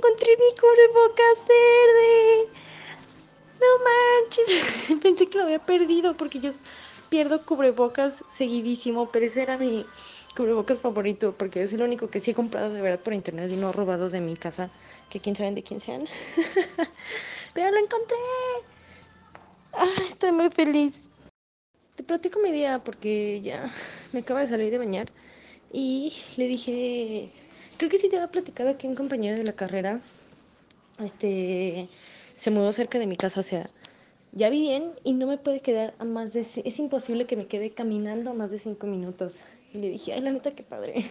encontré mi cubrebocas verde. No manches. Pensé que lo había perdido porque yo pierdo cubrebocas seguidísimo, pero ese era mi cubrebocas favorito porque es el único que sí he comprado de verdad por internet y no he robado de mi casa, que quién sabe de quién sean. pero lo encontré. Ah, estoy muy feliz. Te platico mi día porque ya me acaba de salir de bañar y le dije creo que sí te había platicado que un compañero de la carrera este, se mudó cerca de mi casa, o sea, ya vi bien y no me puede quedar a más de... Es imposible que me quede caminando a más de cinco minutos. Y le dije, ay, la neta, qué padre.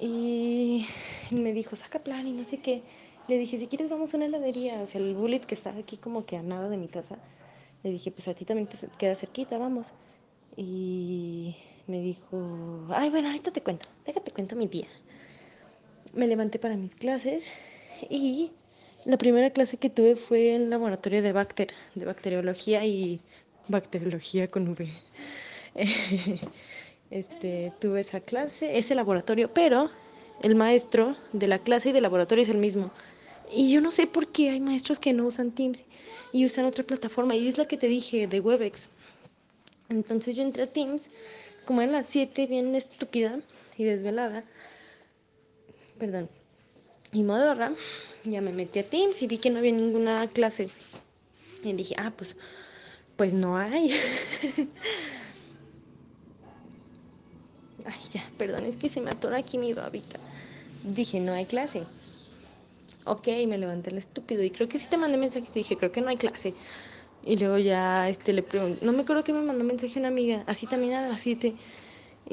Y me dijo, saca plan y no sé qué. Le dije, si quieres vamos a una heladería, o sea, el bullet que está aquí como que a nada de mi casa. Le dije, pues a ti también te queda cerquita, vamos. Y me dijo, ay, bueno, ahorita te cuento, déjate cuento mi día me levanté para mis clases y la primera clase que tuve fue en laboratorio de Bacter, de bacteriología y bacteriología con V. Este, tuve esa clase, ese laboratorio, pero el maestro de la clase y del laboratorio es el mismo. Y yo no sé por qué hay maestros que no usan Teams y usan otra plataforma, y es la que te dije, de Webex. Entonces yo entré a Teams, como en las 7, bien estúpida y desvelada, perdón. Y modorra, ya me metí a Teams y vi que no había ninguna clase. Y dije, ah, pues, pues no hay. Ay, ya, perdón, es que se me atora aquí mi babita. Dije, no hay clase. Ok, me levanté el estúpido y creo que sí te mandé mensaje, te dije, creo que no hay clase. Y luego ya este, le pregunté, no me acuerdo que me mandó mensaje una amiga, así también así las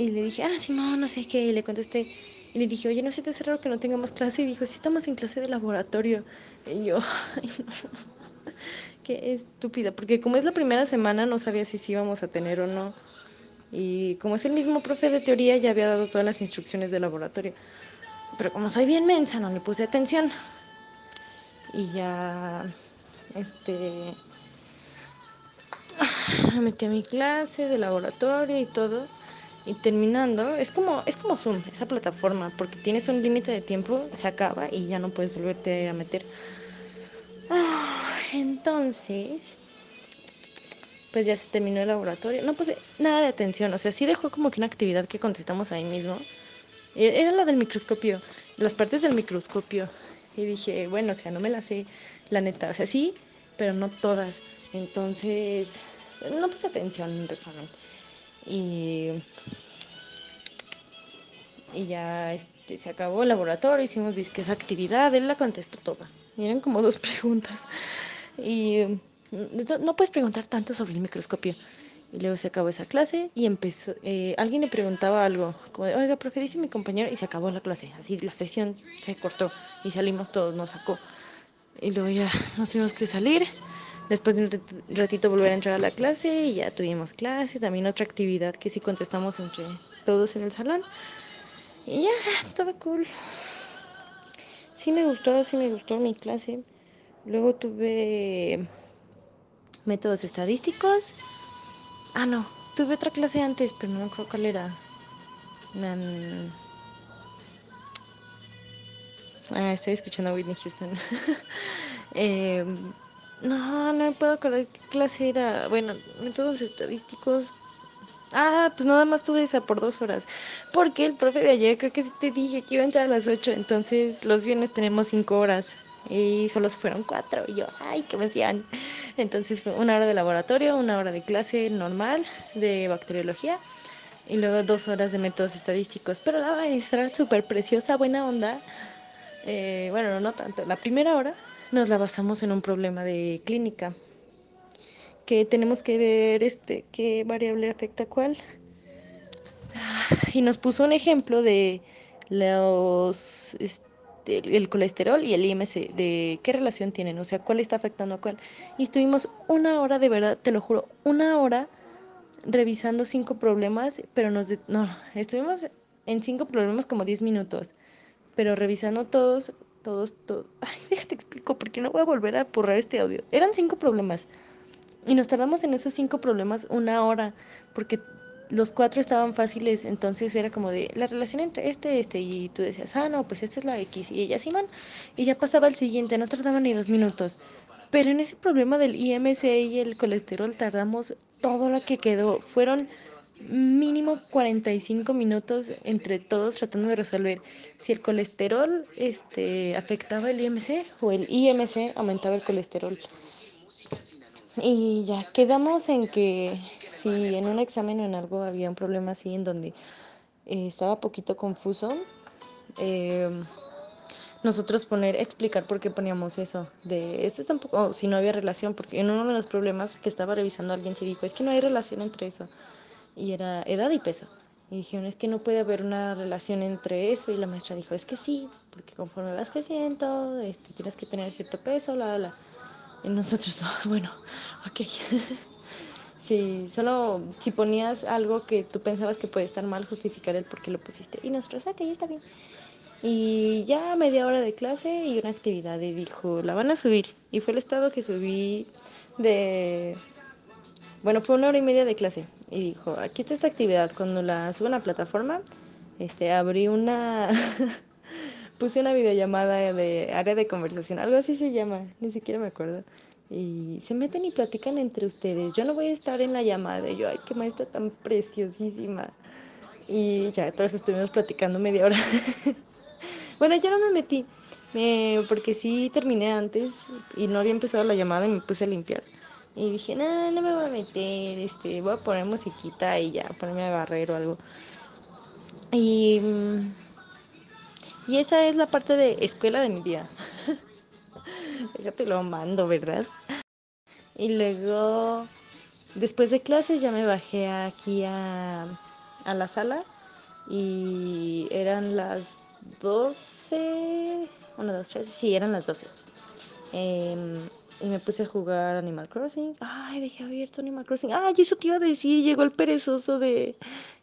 Y le dije, ah, sí, no, no sé qué. Y le contesté, y le dije, oye, ¿no hace raro que no tengamos clase? Y dijo, sí, estamos en clase de laboratorio. Y yo, Qué estúpida, porque como es la primera semana, no sabía si sí íbamos a tener o no. Y como es el mismo profe de teoría, ya había dado todas las instrucciones de laboratorio. Pero como soy bien mensa, no le puse atención. Y ya, este, metí a mi clase de laboratorio y todo. Y terminando, es como, es como Zoom, esa plataforma, porque tienes un límite de tiempo, se acaba y ya no puedes volverte a meter. Ah, entonces, pues ya se terminó el laboratorio. No puse nada de atención, o sea, sí dejó como que una actividad que contestamos ahí mismo. E, era la del microscopio, las partes del microscopio. Y dije, bueno, o sea, no me las sé, la neta. O sea, sí, pero no todas. Entonces, no puse atención en resumen. Y y ya este, se acabó el laboratorio, hicimos disque esa actividad, él la contestó toda. Y eran como dos preguntas. Y no, puedes preguntar tanto sobre el microscopio. Y luego se acabó esa clase y empezó, eh, alguien le preguntaba algo, como oiga, profe, dice mi compañero, y se acabó la clase, así la sesión se cortó y salimos todos, nos sacó. Y luego ya nos tuvimos que salir, después de un ratito volver a entrar a la clase y ya tuvimos clase, también otra actividad que sí contestamos entre todos en el salón. Y ya, todo cool. Sí me gustó, sí me gustó mi clase. Luego tuve métodos estadísticos. Ah, no, tuve otra clase antes, pero no me acuerdo cuál era. Ah, estoy escuchando a Whitney Houston. Em, no, no me puedo acordar qué clase era. Bueno, métodos estadísticos, Ah, pues nada más tuve esa por dos horas. Porque el profe de ayer creo que sí te dije que iba a entrar a las ocho entonces los viernes tenemos cinco horas y solo fueron cuatro y yo, ay, ¿qué me decían? Entonces fue una hora de laboratorio, una hora de clase normal de bacteriología y luego dos horas de métodos estadísticos. Pero la maestra, súper preciosa, buena onda, eh, bueno, no tanto, la primera hora nos la basamos en un problema de clínica que tenemos que ver este, qué variable afecta a cuál. Y nos puso un ejemplo de los, este, el colesterol y el IMC, de qué relación tienen, o sea, cuál está afectando a cuál. Y estuvimos una hora, de verdad, te lo juro, una hora revisando cinco problemas, pero nos... no, estuvimos en cinco problemas como diez minutos, pero revisando todos, todos, todos... Ay, déjate explico, porque no voy a volver a borrar este audio. Eran cinco problemas. Y nos tardamos en esos cinco problemas una hora, porque los cuatro estaban fáciles, entonces era como de la relación entre este, este, y tú decías, ah, no, pues esta es la X, y ella sí, y ya pasaba el siguiente, no tardaban ni dos minutos. Pero en ese problema del IMC y el colesterol tardamos todo lo que quedó, fueron mínimo 45 minutos entre todos tratando de resolver si el colesterol este, afectaba el IMC o el IMC aumentaba el colesterol. Y ya quedamos en que si en un examen o en algo había un problema así en donde eh, estaba poquito confuso, eh, nosotros poner, explicar por qué poníamos eso, de eso es un si no había relación, porque en uno de los problemas que estaba revisando alguien se dijo, es que no hay relación entre eso, y era edad y peso. Y dijeron, es que no puede haber una relación entre eso, y la maestra dijo, es que sí, porque conforme vas que este, tienes que tener cierto peso, la, la... Y nosotros. Bueno, ok. Sí, solo si ponías algo que tú pensabas que puede estar mal, justificar el por qué lo pusiste. Y nosotros, ok, está bien. Y ya media hora de clase y una actividad y dijo, la van a subir. Y fue el estado que subí de... Bueno, fue una hora y media de clase. Y dijo, aquí está esta actividad. Cuando la subo a la plataforma, este, abrí una... puse una videollamada de área de conversación, algo así se llama, ni siquiera me acuerdo. Y se meten y platican entre ustedes. Yo no voy a estar en la llamada. yo, ay, qué maestra tan preciosísima. Y ya, todos estuvimos platicando media hora. bueno, yo no me metí, porque sí terminé antes y no había empezado la llamada y me puse a limpiar. Y dije, no, no me voy a meter, este, voy a poner musiquita y ya, ponerme a barrer o algo. Y mm, y esa es la parte de escuela de mi día. Déjate lo mando, ¿verdad? Y luego, después de clases, ya me bajé aquí a, a la sala y eran las 12, 1, 2, 3, sí, eran las 12. Em, y me puse a jugar Animal Crossing. Ay, dejé abierto Animal Crossing. Ay, eso te iba a decir, llegó el perezoso de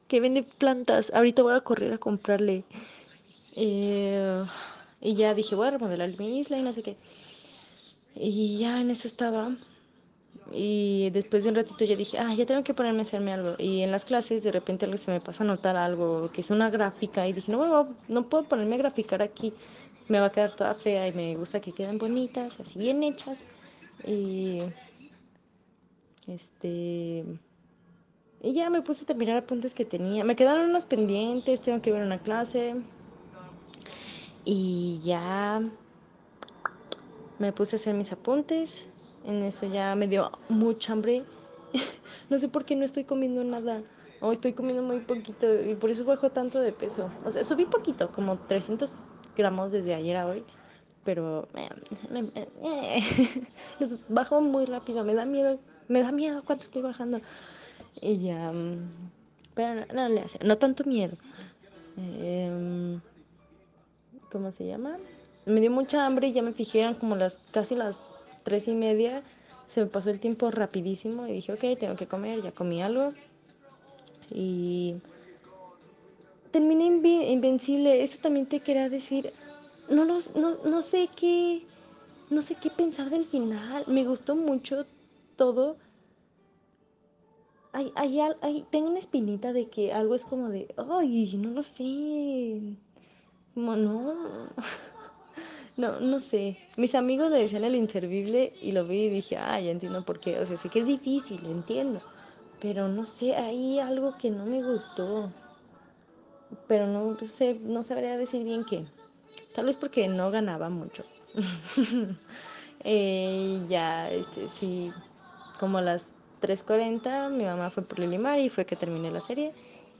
que vende plantas. Ahorita voy a correr a comprarle y ya dije, voy a remodelar mi isla y no sé qué. Y ya en eso estaba. Y después de un ratito ya dije, ah, ya tengo que ponerme a hacerme algo. Y en las clases de repente algo se me pasa a notar algo, que es una gráfica. Y dije, no, no, puedo ponerme a graficar aquí. Me va a quedar toda fea y me gusta que queden bonitas, así bien hechas. Y este. ya me puse a terminar apuntes que tenía. Me quedaron unos pendientes, tengo que ver una clase y ya me puse a hacer mis apuntes. En eso ya me dio mucha hambre. no sé por qué no estoy comiendo nada. O estoy comiendo muy poquito y por eso bajo tanto de peso. O sea, subí poquito, como 300 gramos desde ayer a hoy. Pero eh. bajo muy rápido. Me da miedo. Me da miedo cuánto estoy bajando. Y ya. Mm, pero no, no, no tanto miedo. Eh, ¿cómo se llama? Me dio mucha hambre y ya me fijé, eran como las, casi las tres y media. Se me pasó el tiempo rapidísimo y dije, ok, tengo que comer, ya comí algo. Y terminé invencible. Eso también te quería decir. No, los, no, sé qué. No sé qué pensar del final. Me gustó mucho todo. Hay, tengo una espinita de que algo es como de, ay, no lo sé. Como no. No, no sé. Mis amigos le decían el inservible y lo vi y dije, ah, ya entiendo por qué. O sea, sí que es difícil, entiendo. Pero no sé, hay algo que no me gustó. Pero no sé, no sabría decir bien qué. Tal vez porque no ganaba mucho. Eh, ya, este, sí, como a las 3.40 mi mamá fue por Lilimar y fue que terminé la serie.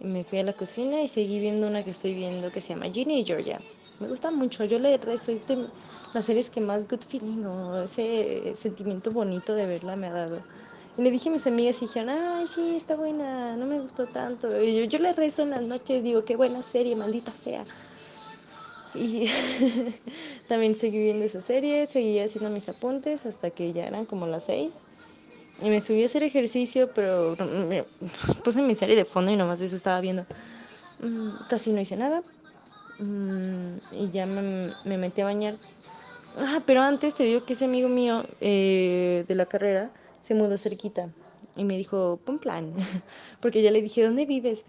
Me fui a la cocina y seguí viendo una que estoy viendo que se llama Ginny y Georgia. Me gusta mucho, yo le rezo, es de las series que más good feeling ese sentimiento bonito de verla me ha dado. Y le dije a mis amigas y dijeron, ay, sí, está buena, no me gustó tanto. yo, le rezo en las noches, digo, qué buena serie, maldita sea. Y también seguí viendo esa serie, seguía haciendo mis apuntes hasta que ya eran como las seis y me subí a hacer ejercicio, pero me puse mi serie de fondo y nomás eso estaba viendo. Mm, casi no hice nada. Mm, y ya me, me metí a bañar. Ah, pero antes te digo que ese amigo mío eh, de la carrera se mudó cerquita y me dijo, pon plan, porque ya le dije, ¿dónde vives?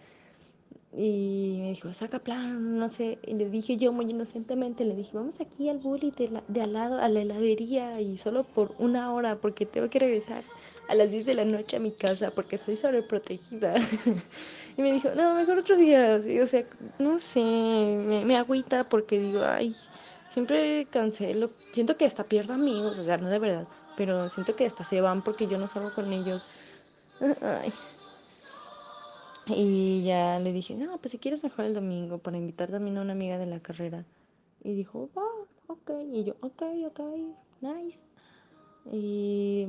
Y me dijo, saca plan, no sé. Y le dije yo muy inocentemente, le dije, vamos aquí al bully de, al lado, a la heladería, y solo por una hora, porque tengo que regresar a las 10 de la noche a mi casa, porque soy sobreprotegida. y me dijo, no, mejor otro día. o sea, no sé, me, me agüita porque digo, ay, siempre cancelo. Siento que hasta pierdo amigos, o sea, no de verdad, pero siento que hasta se van porque yo no salgo con ellos. Ay. Y ya le dije, no, pues si quieres mejor el domingo para invitar también a una amiga de la carrera. Y dijo, va, ok. Y yo, ok, ok, nice. Y,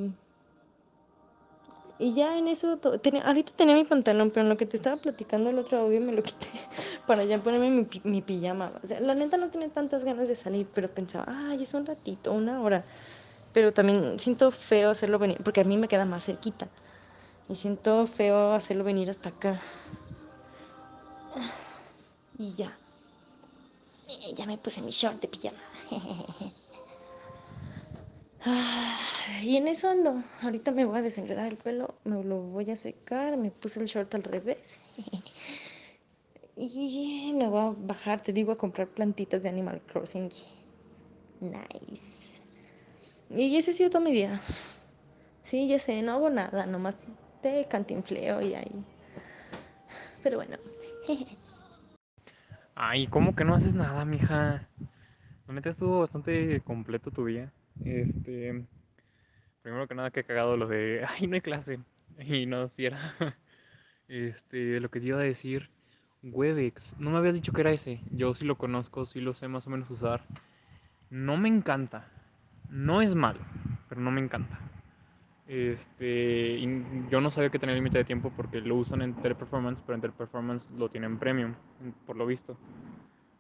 y ya en eso, ahorita tenía mi pantalón, pero en lo que te estaba platicando el otro audio me lo quité para ya ponerme mi, mi pijama. O sea, la neta no tenía tantas ganas de salir, pero pensaba, ay, es un ratito, una hora. Pero también siento feo hacerlo venir, porque a mí me queda más cerquita. Y siento feo hacerlo venir hasta acá. Y ya. Eh, ya me puse mi short de pijama. Y en eso ando. Ahorita me voy a desenredar el pelo, me lo voy a secar, me puse el short al revés. Y me voy a bajar, te digo, a comprar plantitas de Animal Crossing. Nice. Y ese ha sido todo mi día. Sí, ya sé, no hago nada, nomás te cantinfleo y ahí. Pero bueno. Ay, ¿cómo que no haces nada, mija? La neta estuvo bastante completo tu día. Este. Primero que nada, que he cagado lo de. Ay, no hay clase. Y no, si era. Este, lo que te iba a decir. Webex. No me habías dicho que era ese. Yo sí lo conozco, sí lo sé más o menos usar. No me encanta. No es malo, pero no me encanta. Este, yo no sabía que tenía límite de tiempo porque lo usan en Teleperformance, pero en Teleperformance lo tienen premium, por lo visto.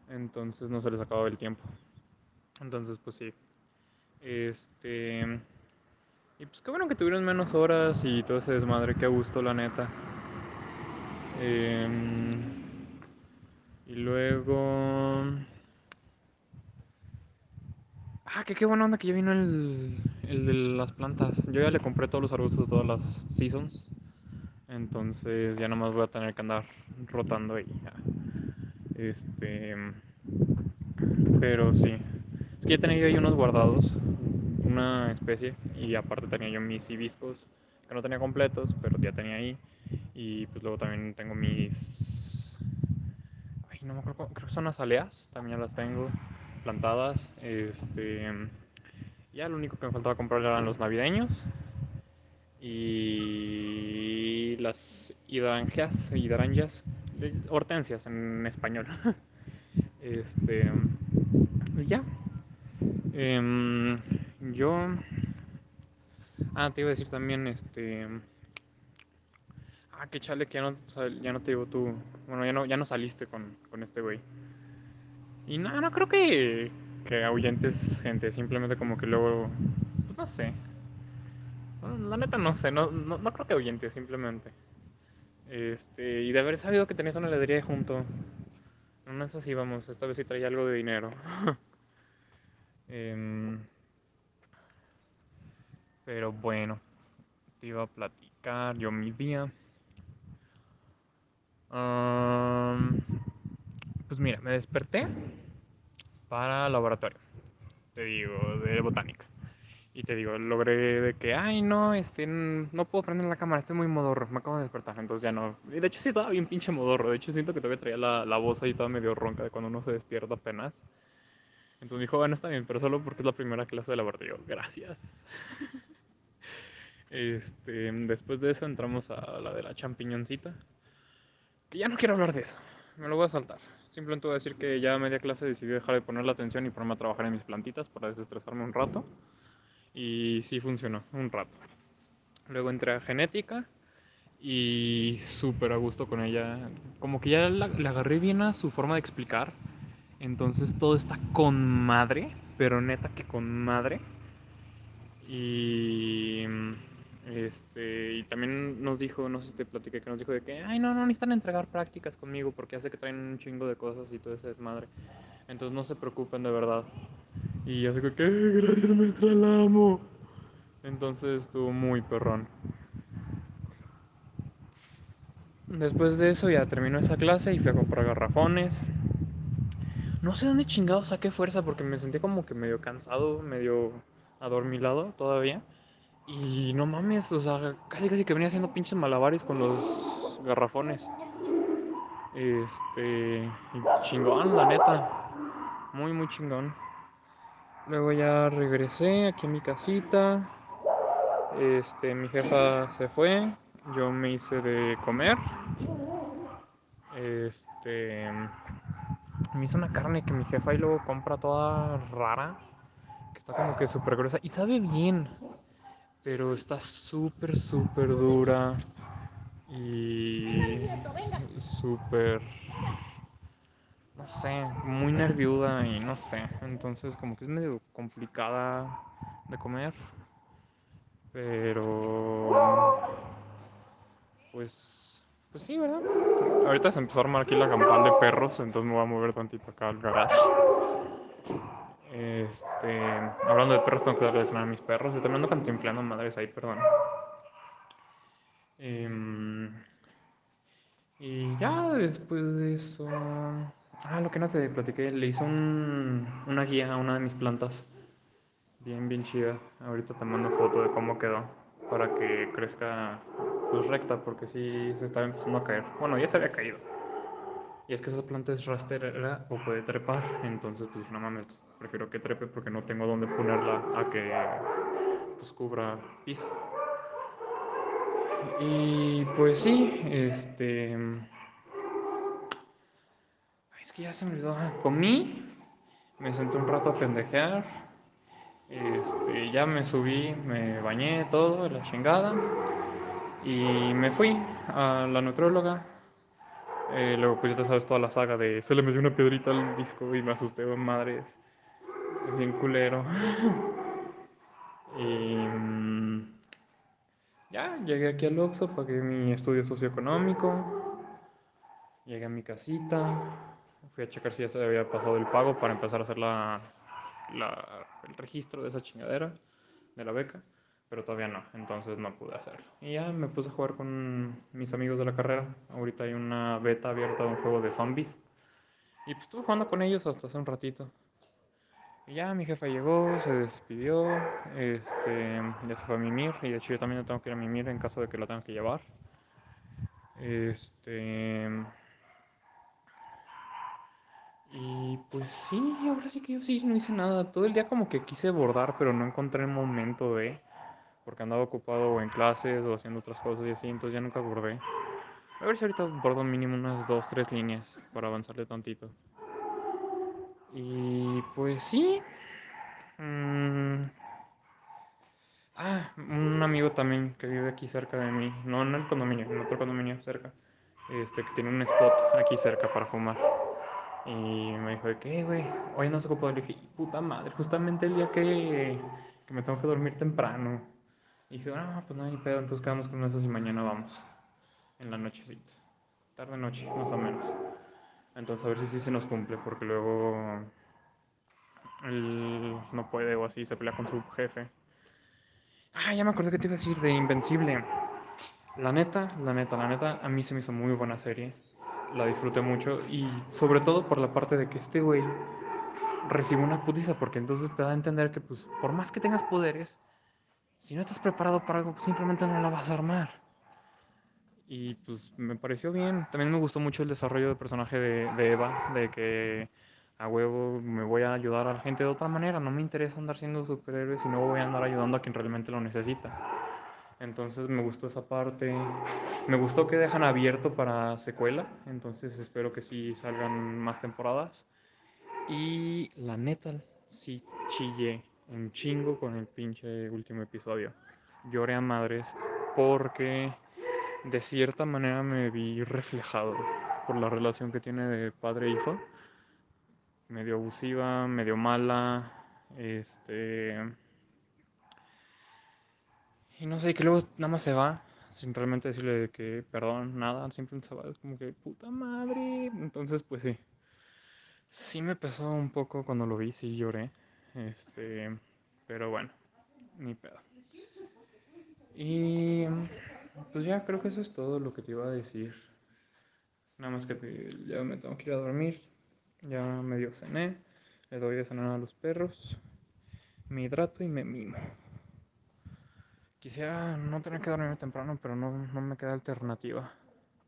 Entonces no se les acababa el tiempo. Entonces, pues sí. Este. Y pues qué bueno que tuvieron menos horas y todo ese desmadre, qué gusto, la neta. Em, y luego. Ah, qué buena onda que ya vino el, el de las plantas. Yo ya le compré todos los arbustos de todas las seasons. Entonces ya más voy a tener que andar rotando ahí. Este. Pero sí. Es que ya tenía ahí unos guardados. Una especie. Y aparte tenía yo mis hibiscos. Que no tenía completos, pero ya tenía ahí. Y pues luego también tengo mis. Ay, no me acuerdo. Creo que son azaleas. También las tengo plantadas. Este ya lo único que me faltaba comprar eran los navideños. Y las hidranjas, hidranjas, eh, hortensias en español. este. Ya. Em, yo. Ah, te iba a decir también, este. Ah, qué chale, que ya no, ya no te llevo tú. Bueno, ya no, ya no saliste con, con este güey. Y no, no creo que que ahuyentes gente, simplemente como que luego, pues no sé. la neta no sé, no, no, creo que ahuyentes, simplemente. Este, y de haber sabido que tenías una heladería junto, no es así, vamos, esta vez sí traía algo de dinero. Em, pero bueno, te iba a platicar yo mi día. pues mira, me desperté para laboratorio, te digo, de botánica. Y te digo, logré de que, ay, no, este, no puedo prender la cámara, estoy muy modorro, me acabo de despertar, entonces ya no. de hecho sí estaba bien pinche modorro, de hecho siento que todavía traía la, la voz ahí estaba medio ronca de cuando uno se despierta apenas. Entonces dijo, bueno, está bien, pero solo porque es la primera clase de laboratorio. Gracias. Este, después de eso entramos a la de la champiñoncita. Que ya no quiero hablar de eso, me lo voy a saltar. Simplemente voy a decir que ya a media clase decidí dejar de poner la atención y ponerme a trabajar en mis plantitas para desestresarme un rato. Y sí funcionó, un rato. Luego entré a genética y súper a gusto con ella. Como que ya la agarré bien a su forma de explicar. Entonces todo está con madre, pero neta que con madre. Y este, y también nos dijo, no sé si te platiqué, que nos dijo de que, ay, no, no necesitan entregar prácticas conmigo porque hace que traen un chingo de cosas y todo ese desmadre. Entonces no se preocupen de verdad. Y yo digo que, eh, gracias, maestra, la amo. Entonces estuvo muy perrón. Después de eso ya terminó esa clase y fui a comprar garrafones. No sé dónde chingado saqué fuerza porque me sentí como que medio cansado, medio adormilado todavía. Y no mames, o sea, casi casi que venía haciendo pinches malabares con los garrafones. Este, chingón, la neta. Muy, muy chingón. Luego ya regresé aquí a mi casita. Este, mi jefa se fue. Yo me hice de comer. Este, me hizo una carne que mi jefa y luego compra toda rara. Que está como que súper gruesa. Y sabe bien pero está súper, súper dura y súper, no sé, muy nerviuda y no sé. Entonces como que es medio complicada de comer, pero pues, pues sí, ¿verdad? Ahorita se empezó a armar aquí la campana de perros, entonces me voy a mover tantito acá al garage. Este, hablando de perros, tengo que darle de a mis perros. Yo también ando cantinflando madres ahí, perdón. Em, y ya después de eso. Ah, lo que no te platiqué, le hice una guía a una de mis plantas. Bien, bien chida. Ahorita te mando foto de cómo quedó para que crezca pues recta porque si se estaba empezando a caer. Bueno, ya se había caído. Y es que esa planta es rastrera o puede trepar. Entonces, pues no mames, prefiero que trepe porque no tengo dónde ponerla a que pues, cubra piso. Y pues sí, este. es que ya se me olvidó. Ah, comí, me senté un rato a pendejear. Este, ya me subí, me bañé, todo, la chingada. Y me fui a la nutrióloga eh, luego, pues ya te sabes toda la saga de se le metió una piedrita al disco y me asusté, madre oh, madres. Es bien culero. Mm, ya, llegué aquí al Oxo pagué mi estudio socioeconómico. Llegué a mi casita. Fui a checar si ya se había pasado el pago para empezar a hacer la, el registro de esa chingadera, de la beca pero todavía no, entonces no pude hacerlo. Y ya me puse a jugar con mis amigos de la carrera. Ahorita hay una beta abierta de un juego de zombies. Y pues estuve jugando con ellos hasta hace un ratito. Y ya mi jefa llegó, se despidió, este, ya se fue a mimir. Y de hecho yo también tengo que ir a mimir en caso de que la tenga que llevar. Este. Y pues sí, ahora sí que yo sí no hice nada. Todo el día como que quise bordar, pero no encontré el momento de porque andaba ocupado o en clases o haciendo otras cosas y así, entonces ya nunca abordé. A ver si ahorita abordo mínimo unas dos, tres líneas para avanzarle tantito. Y pues sí. Mm. Ah, un amigo también que vive aquí cerca de mí, no, en el condominio, en otro condominio cerca, este, que tiene un spot aquí cerca para fumar. Y me dijo, ¿qué, eh, güey? Hoy no se ocupó. Le dije, puta madre, justamente el día que, que me tengo que dormir temprano. Y dije, ah, pues no hay pedo, entonces quedamos con eso y mañana vamos. En la nochecita. Tarde noche, más o menos. Entonces a ver si sí se nos cumple, porque luego él no puede o así, se pelea con su jefe. Ah, ya me acordé que te iba a decir de Invencible. La neta, la neta, la neta, a mí se me hizo muy buena serie. La disfruté mucho y sobre todo por la parte de que este güey recibe una putiza, porque entonces te da a entender que pues por más que tengas poderes, si no estás preparado para algo, pues, simplemente no la vas a armar. Y pues me pareció bien. También me gustó mucho el desarrollo del personaje de, Eva, de que a huevo me voy a ayudar a la gente de otra manera. No me interesa andar siendo superhéroe, sino voy a andar ayudando a quien realmente lo necesita. Entonces me gustó esa parte. Me gustó que dejan abierto para secuela. Entonces espero que sí salgan más temporadas. Y la neta, sí chillé un chingo con el pinche último episodio. Lloré a madres porque de cierta manera me vi reflejado por la relación que tiene de padre e hijo. Medio abusiva, medio mala, este... Y no sé, que luego nada más se va, sin realmente decirle que perdón, nada, Siempre un va, es como que puta madre. Entonces, pues sí. Sí me pesó un poco cuando lo vi, sí lloré. Este, pero bueno, ni pedo. Y pues ya creo que eso es todo lo que te iba a decir. Nada más que ya me tengo que ir a dormir. Ya medio cené. Le doy de cenar a los perros. Me hidrato y me mimo. Quisiera no tener que dormirme temprano, pero no, no me queda alternativa.